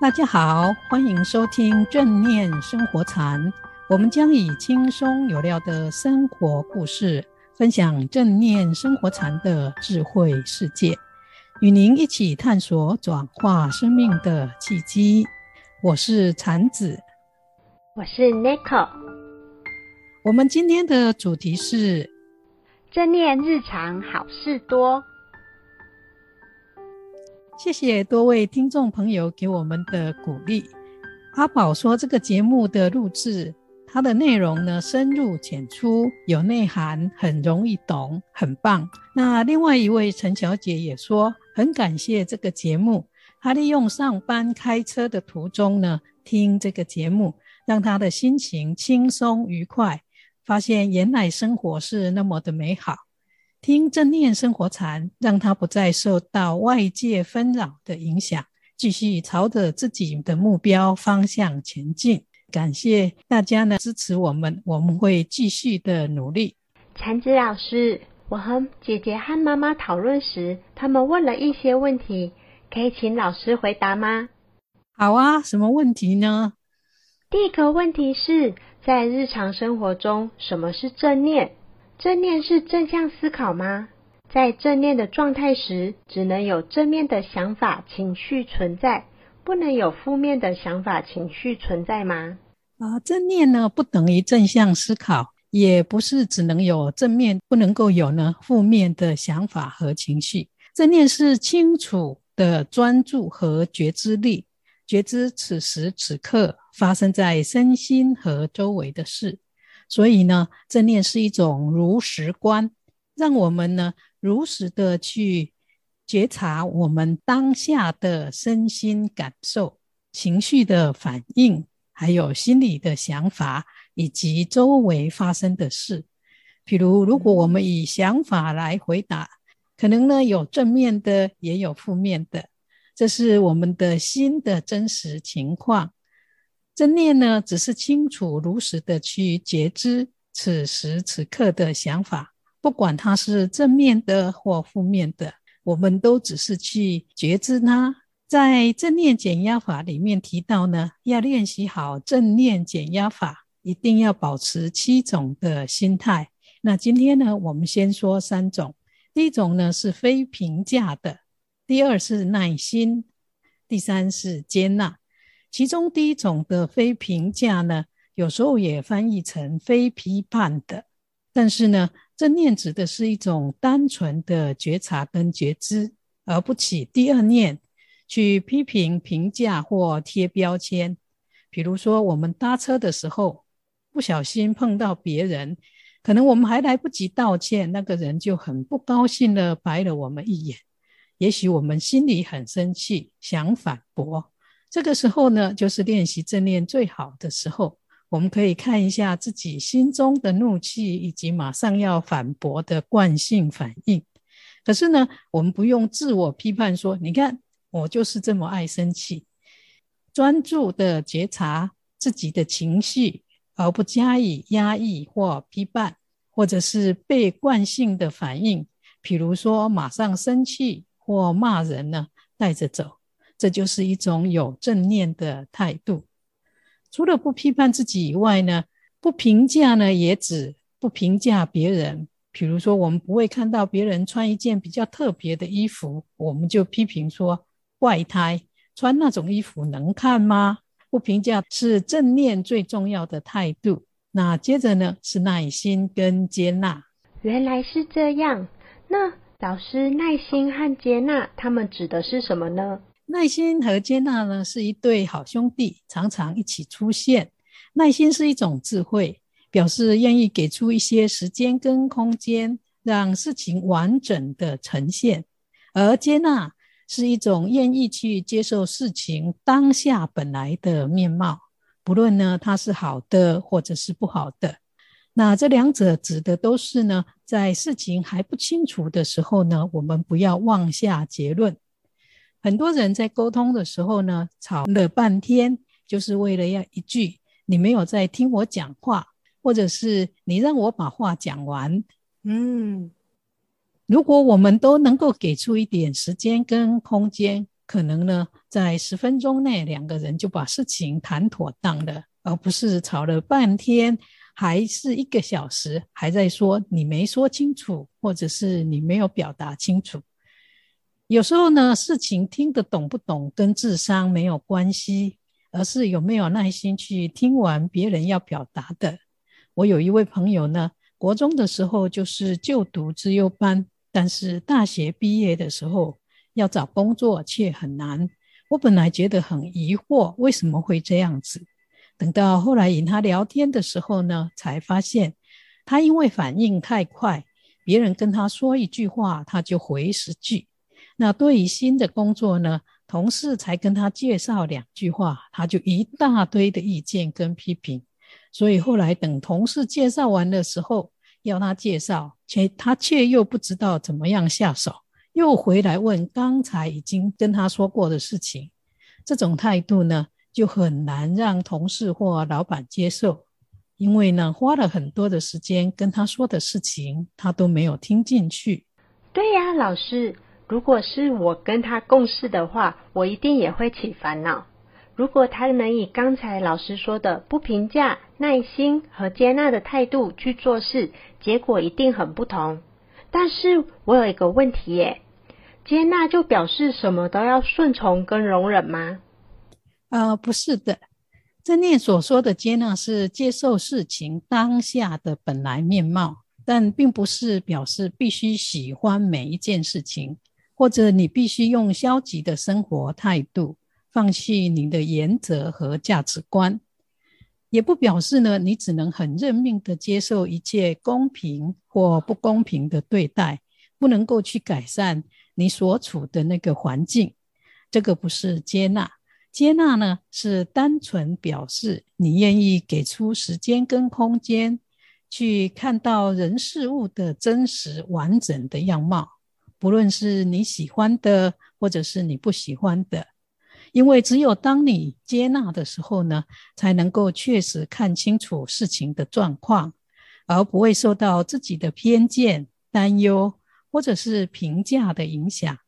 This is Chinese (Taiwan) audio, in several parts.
大家好，歡迎收聽正念生活禪。我們將以輕鬆有料的生活故事，分享正念生活禪的智慧世界，與您一起探索轉化生命的契機。我是禪子，我是 Nick。我們今天的主題是正念日常好事多。謝謝多位聽眾朋友給我們的鼓勵。阿寶說這個節目的錄製，它的內容呢深入淺出，有內涵，很容易懂，很棒。那另外一位陳小姐也說，很感謝這個節目，她利用上班開車的途中呢聽這個節目，讓她的心情輕鬆愉快，發現原來生活是那麼的美好。聽正念生活禪，讓他不再受到外界紛擾的影響，繼續朝着自己的目標方向前進。感謝大家呢支持我們，我們會繼續的努力。禪子老師，我和姐姐和媽媽討論時，他們問了一些問題，可以請老師回答嗎？好啊，什麼問題呢？第一個問題是，在日常生活中，什麼是正念？正念是正向思考嗎？在正念的狀態時，只能有正面的想法、情緒存在，不能有負面的想法、情緒存在嗎？啊、呃，正念呢，不等於正向思考，也不是只能有正面，不能夠有呢負面的想法和情緒。正念是清楚的專注和覺知力，覺知此時此刻發生在身心和周圍的事。所以呢，正念是一種如實觀，讓我們呢如實的去覺察我們當下的身心感受、情緒的反應，還有心理的想法以及週圍發生的事。比如，如果我們以想法來回答，可能呢有正面的，也有負面的，這是我們的心的真實情況。正念呢，只是清楚如實的去覺知此時此刻的想法，不管它是正面的或負面的，我們都只是去覺知它。在正念減壓法裡面提到呢，要練習好正念減壓法，一定要保持七種的心態。那今天呢，我們先說三種，第一種呢是非評價的，第二是耐心，第三是接納。其中第一種的非評價呢，有時候也翻譯成非批判的，但是呢，正念指的是一種單純的覺察跟覺知，而不起第二念去批評、評價或貼標籤。比如說，我們搭車的時候不小心碰到別人，可能我們還來不及道歉，那個人就很不高興地白了我們一眼。也許我們心裡很生氣，想反駁。這個時候呢，就是練習正念最好的時候。我們可以看一下自己心中的怒氣，以及馬上要反駁的慣性反應。可是呢，我們不用自我批判說：“你看，我就是這麼愛生氣。”專注的覺察自己的情緒，而不加以壓抑或批判，或者是被慣性的反應，比如說馬上生氣或罵人呢，帶着走。這就是一種有正念的態度，除了不批判自己以外呢，不評價呢，也指不評價別人。比如說，我們不會看到別人穿一件比較特別的衣服，我們就批評說怪胎，穿那種衣服能看嗎？不評價是正念最重要的態度。那接着呢，是耐心跟接納。原來是這樣。那老師，耐心和接納，他們指的是什麼呢？耐心和接納呢是一對好兄弟，常常一起出現。耐心是一種智慧，表示願意給出一些時間跟空間，讓事情完整的呈現；而接納是一種願意去接受事情當下本來的面貌，不論呢它是好的或者是不好的。那這兩者指的都是呢，在事情還不清楚的時候呢，我們不要妄下結論。很多人在溝通的時候呢，吵了半天，就是為了要一句“你沒有在聽我講話”，或者是“你讓我把話講完”。嗯，如果我們都能夠給出一點時間跟空間，可能呢，在十分鐘內，兩個人就把事情談妥當了，而不是吵了半天，還是一個小時，還在說“你沒說清楚”，或者是“你沒有表達清楚”。有時候呢，事情聽得懂不懂跟智商沒有關係，而是有沒有耐心去聽完別人要表達的。我有一位朋友呢，國中的時候就是就讀資優班，但是大學畢業的時候要找工作卻很難。我本來覺得很疑惑，為什麼會這樣子？等到後來與他聊天的時候呢，才發現他因為反應太快，別人跟他說一句話，他就回十句。那對於新的工作呢，同事才跟他介紹兩句話，他就一大堆的意見跟批評。所以後來等同事介紹完的時候，要他介紹，卻他卻又不知道怎麼樣下手，又回來問剛才已經跟他說過的事情。這種態度呢，就很難讓同事或老板接受，因為呢，花了很多的時間跟他說的事情，他都沒有聽進去。對呀，老師。如果是我跟他共事的話，我一定也會起煩惱。如果他能以剛才老師說的不評價、耐心和接納的態度去做事，結果一定很不同。但是我有一個問題耶，接納就表示什麼都要順從跟容忍嗎？呃，不是的。正念所說的接納是接受事情當下的本來面貌，但並不是表示必須喜歡每一件事情。或者你必須用消極的生活態度，放棄你的原則和價值觀，也不表示呢，你只能很認命的接受一切公平或不公平的對待，不能夠去改善你所處的那個環境。這個不是接納，接納呢，是單純表示你願意給出時間跟空間，去看到人事物的真實完整的樣貌。不論是你喜歡的，或者是你不喜歡的，因為只有當你接納的時候呢，才能夠確實看清楚事情的狀況，而不會受到自己的偏見、擔憂或者是評價的影響，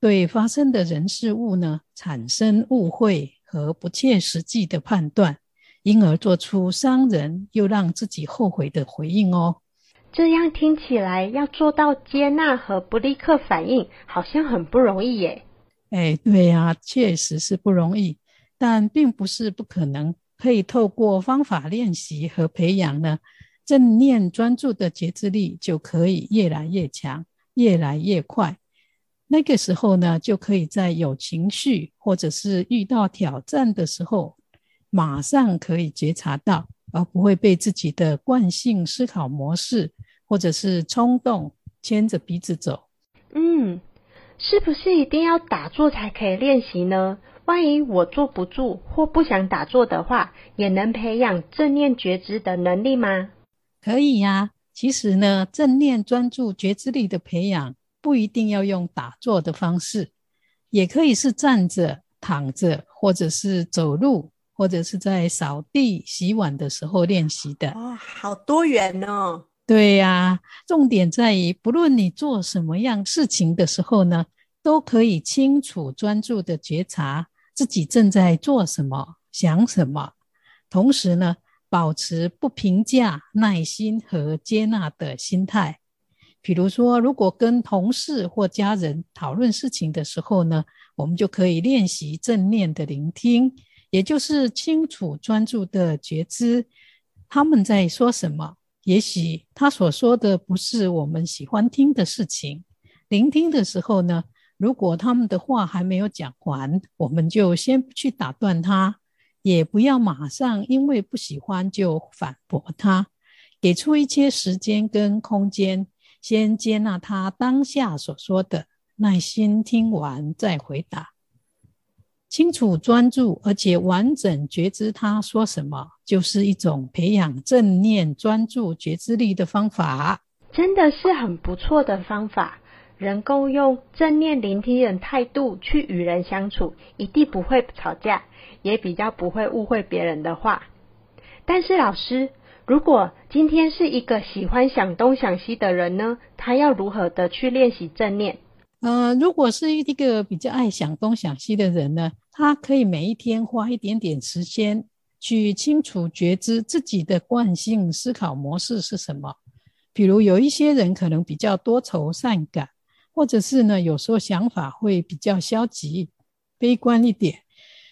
對發生的人事物呢，產生誤會和不切實際的判斷，因而做出傷人又讓自己後悔的回應哦。這樣聽起來，要做到接納和不立刻反應，好像很不容易耶。哎，對呀，啊，確實是不容易，但並不是不可能。可以透過方法練習和培養呢，正念專注的覺知力就可以越來越強，越來越快。那個時候呢，就可以在有情緒或者是遇到挑戰的時候，馬上可以覺察到，而不會被自己的慣性思考模式。或者是衝動牽着鼻子走，嗯，是不是一定要打坐才可以練習呢？萬一我坐不住或不想打坐的話，也能培養正念覺知的能力嗎？可以呀、啊。其實呢，正念專注覺知力的培養不一定要用打坐的方式，也可以是站着、躺着，或者是走路，或者是在掃地、洗碗的時候練習的。哇、哦，好多元哦！對呀、啊，重點在於，不論你做什麼樣事情的時候呢，都可以清楚專注的覺察自己正在做什麼、想什麼，同時呢，保持不評價、耐心和接納的心態。比如說，如果跟同事或家人討論事情的時候呢，我們就可以練習正念的聆聽，也就是清楚專注的覺知他們在說什麼。也許他所說的不是我們喜歡聽的事情。聆聽的時候呢，如果他們的話還沒有講完，我們就先不去打斷他，也不要馬上因為不喜歡就反駁他，給出一些時間跟空間，先接納他當下所說的，耐心聽完再回答。清楚、專注，而且完整覺知他說什麼，就是一種培養正念、專注、覺知力的方法，真的是很不錯的方法。能夠用正念聆聽的態度去與人相處，一定不會吵架，也比較不會誤會別人的話。但是，老師，如果今天是一個喜歡想東想西的人呢？他要如何的去練習正念？呃，如果是一個比較愛想東想西的人呢，他可以每一天花一點點時間去清楚覺知自己的慣性思考模式是什麼。比如有一些人可能比較多愁善感，或者是呢有時候想法會比較消極、悲觀一點，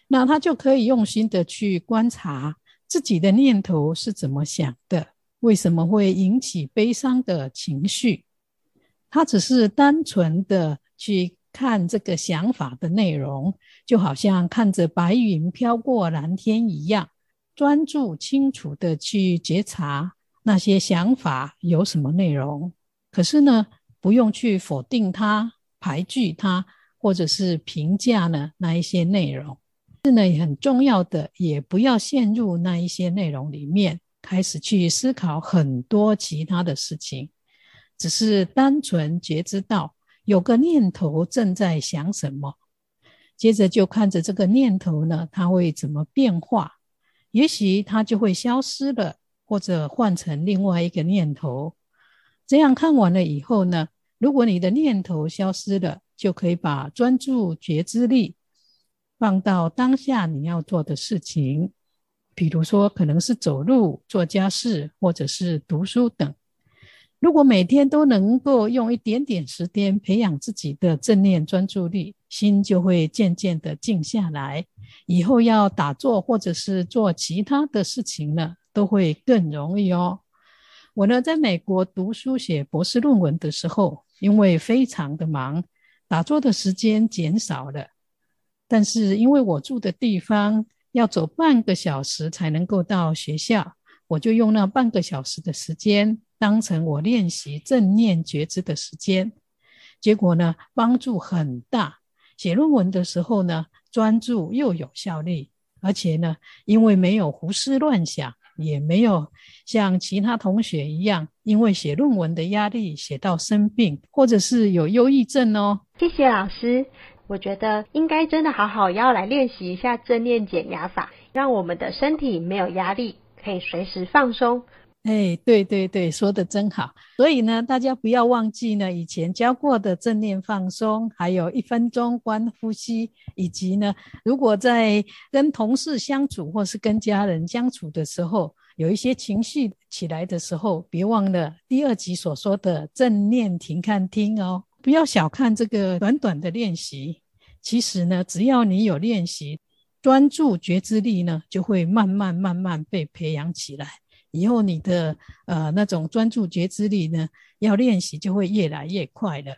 那他就可以用心的去觀察自己的念頭是怎麼想的，為什麼會引起悲傷的情緒。他只是單純的去看這個想法的內容，就好像看着白雲飄過藍天一樣，專注、清楚的去覺察那些想法有什麼內容。可是呢，不用去否定它、排拒它，或者是評價呢那一些內容。是呢，很重要的，也不要陷入那一些內容裡面，開始去思考很多其他的事情。只是單純覺知到有個念頭正在想什麼，接着就看着這個念頭呢，它會怎麼變化？也許它就會消失了，或者換成另外一個念頭。這樣看完了以後呢，如果你的念頭消失了，就可以把專注覺知力放到當下你要做的事情，比如說可能是走路、做家事，或者是讀書等。如果每天都能夠用一點點時間培養自己的正念專注力，心就會漸漸的靜下來。以後要打坐或者是做其他的事情呢，都會更容易哦。我呢，在美國讀書寫博士論文的時候，因為非常的忙，打坐的時間減少了。但是因為我住的地方要走半個小時才能夠到學校，我就用那半個小時的時間。當成我練習正念覺知的時間，結果呢，幫助很大。寫論文的時候呢，專注又有效率，而且呢，因為沒有胡思亂想，也沒有像其他同學一樣，因為寫論文的壓力寫到生病，或者是有憂鬱症哦。謝謝老師，我覺得應該真的好好要來練習一下正念減壓法，讓我們的身體沒有壓力，可以隨時放鬆。哎、hey，對對對，說得真好。所以呢，大家不要忘記呢，以前教過的正念放鬆，還有一分鐘觀呼吸，以及呢，如果在跟同事相處或是跟家人相處的時候，有一些情緒起來的時候，別忘了第二集所說的正念停看聽哦。不要小看這個短短的練習，其實呢，只要你有練習，專注覺知力呢，就會慢慢慢慢被培養起來。以後你的呃那種專注覺知力呢，要練習就會越來越快了。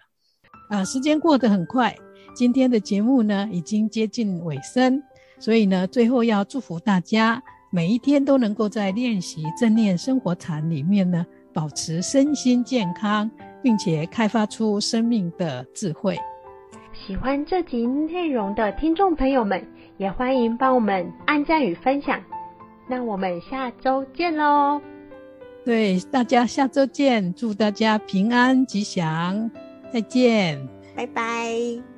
啊、呃，時間過得很快，今天的節目呢已經接近尾聲，所以呢，最後要祝福大家，每一天都能夠在練習正念生活禪裡面呢，保持身心健康，並且開發出生命的智慧。喜歡這集內容的聽眾朋友們，也歡迎幫我們按讚與分享。那我們下周見嘍。對，大家下周見，祝大家平安吉祥，再見，拜拜。